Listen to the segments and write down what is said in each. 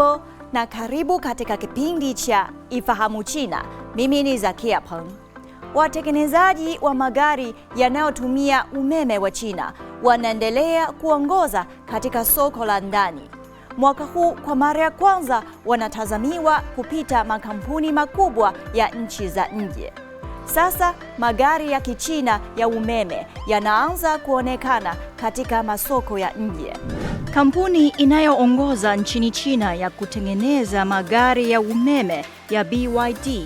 Hujambo na karibu katika kipindi cha Ifahamu China. Mimi ni Zakia Peng. Watengenezaji wa magari yanayotumia umeme wa China wanaendelea kuongoza katika soko la ndani. Mwaka huu kwa mara ya kwanza wanatazamiwa kupita makampuni makubwa ya nchi za nje. Sasa magari ya Kichina ya umeme yanaanza kuonekana katika masoko ya nje. Kampuni inayoongoza nchini China ya kutengeneza magari ya umeme ya BYD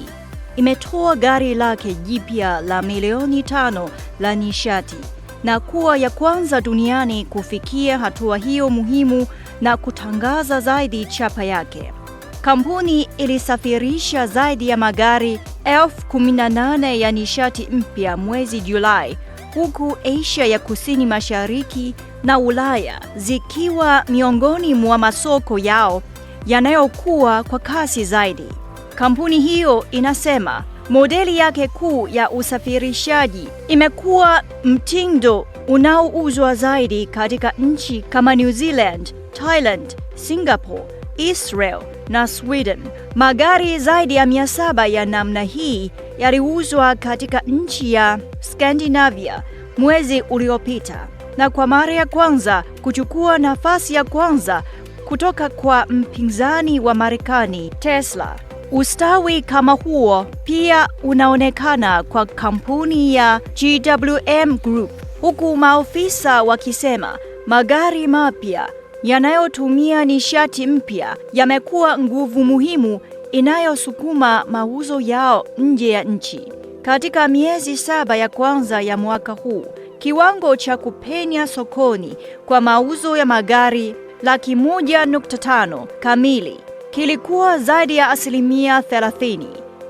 imetoa gari lake jipya la milioni tano la nishati na kuwa ya kwanza duniani kufikia hatua hiyo muhimu na kutangaza zaidi chapa yake. Kampuni ilisafirisha zaidi ya magari elfu ya nishati mpya mwezi Julai, huku Asia ya Kusini Mashariki na Ulaya zikiwa miongoni mwa masoko yao yanayokuwa kwa kasi zaidi. Kampuni hiyo inasema modeli yake kuu ya usafirishaji imekuwa mtindo unaouzwa zaidi katika nchi kama New Zealand, Thailand, Singapore, Israel na Sweden. Magari zaidi ya mia saba ya namna hii yaliuzwa katika nchi ya Scandinavia mwezi uliopita na kwa mara ya kwanza kuchukua nafasi ya kwanza kutoka kwa mpinzani wa Marekani Tesla. Ustawi kama huo pia unaonekana kwa kampuni ya GWM Group, huku maofisa wakisema magari mapya yanayotumia nishati mpya yamekuwa nguvu muhimu inayosukuma mauzo yao nje ya nchi. Katika miezi saba ya kwanza ya mwaka huu kiwango cha kupenya sokoni kwa mauzo ya magari laki moja nukta tano kamili kilikuwa zaidi ya asilimia 30.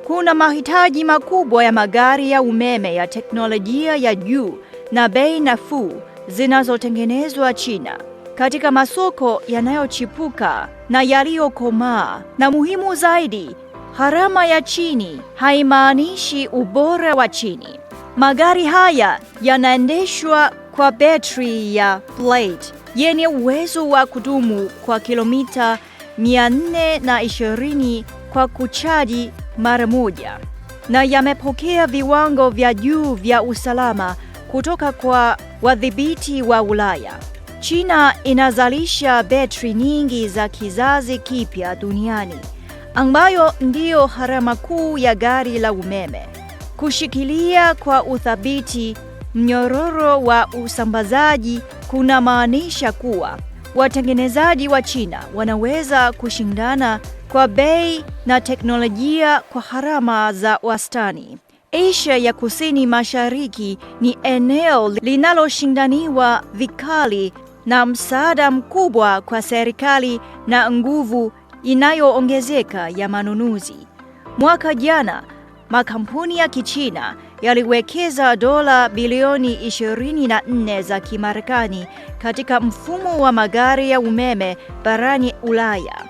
Kuna mahitaji makubwa ya magari ya umeme ya teknolojia ya juu na bei nafuu zinazotengenezwa China katika masoko yanayochipuka na yaliyokomaa, na muhimu zaidi, gharama ya chini haimaanishi ubora wa chini. Magari haya yanaendeshwa kwa betri ya plate yenye uwezo wa kudumu kwa kilomita 420 kwa kuchaji mara moja na yamepokea viwango vya juu vya usalama kutoka kwa wadhibiti wa Ulaya. China inazalisha betri nyingi za kizazi kipya duniani ambayo ndiyo gharama kuu ya gari la umeme. Kushikilia kwa uthabiti mnyororo wa usambazaji kuna maanisha kuwa watengenezaji wa China wanaweza kushindana kwa bei na teknolojia kwa gharama za wastani. Asia ya Kusini Mashariki ni eneo linaloshindaniwa vikali na msaada mkubwa kwa serikali na nguvu inayoongezeka ya manunuzi. Mwaka jana makampuni ya Kichina yaliwekeza dola bilioni 24 za Kimarekani katika mfumo wa magari ya umeme barani Ulaya.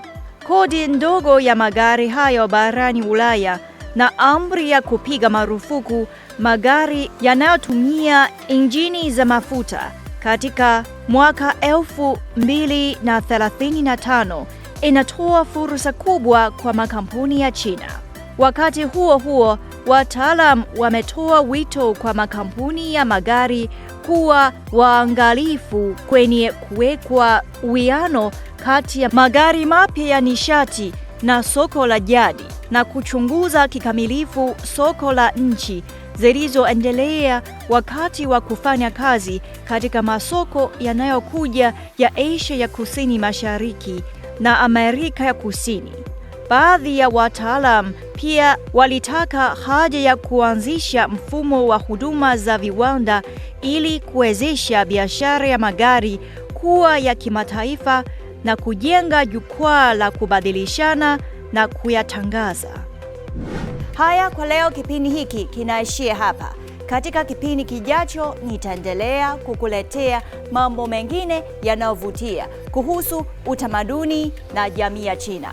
Kodi ndogo ya magari hayo barani Ulaya na amri ya kupiga marufuku magari yanayotumia injini za mafuta katika mwaka 2035 inatoa fursa kubwa kwa makampuni ya China. Wakati huo huo, wataalam wametoa wito kwa makampuni ya magari kuwa waangalifu kwenye kuwekwa uwiano kati ya magari mapya ya nishati na soko la jadi na kuchunguza kikamilifu soko la nchi zilizoendelea wakati wa kufanya kazi katika masoko yanayokuja ya Asia ya Kusini Mashariki na Amerika ya Kusini. Baadhi ya wataalam pia walitaka haja ya kuanzisha mfumo wa huduma za viwanda ili kuwezesha biashara ya magari kuwa ya kimataifa na kujenga jukwaa la kubadilishana na kuyatangaza. Haya kwa leo, kipindi hiki kinaishia hapa. Katika kipindi kijacho nitaendelea kukuletea mambo mengine yanayovutia kuhusu utamaduni na jamii ya China.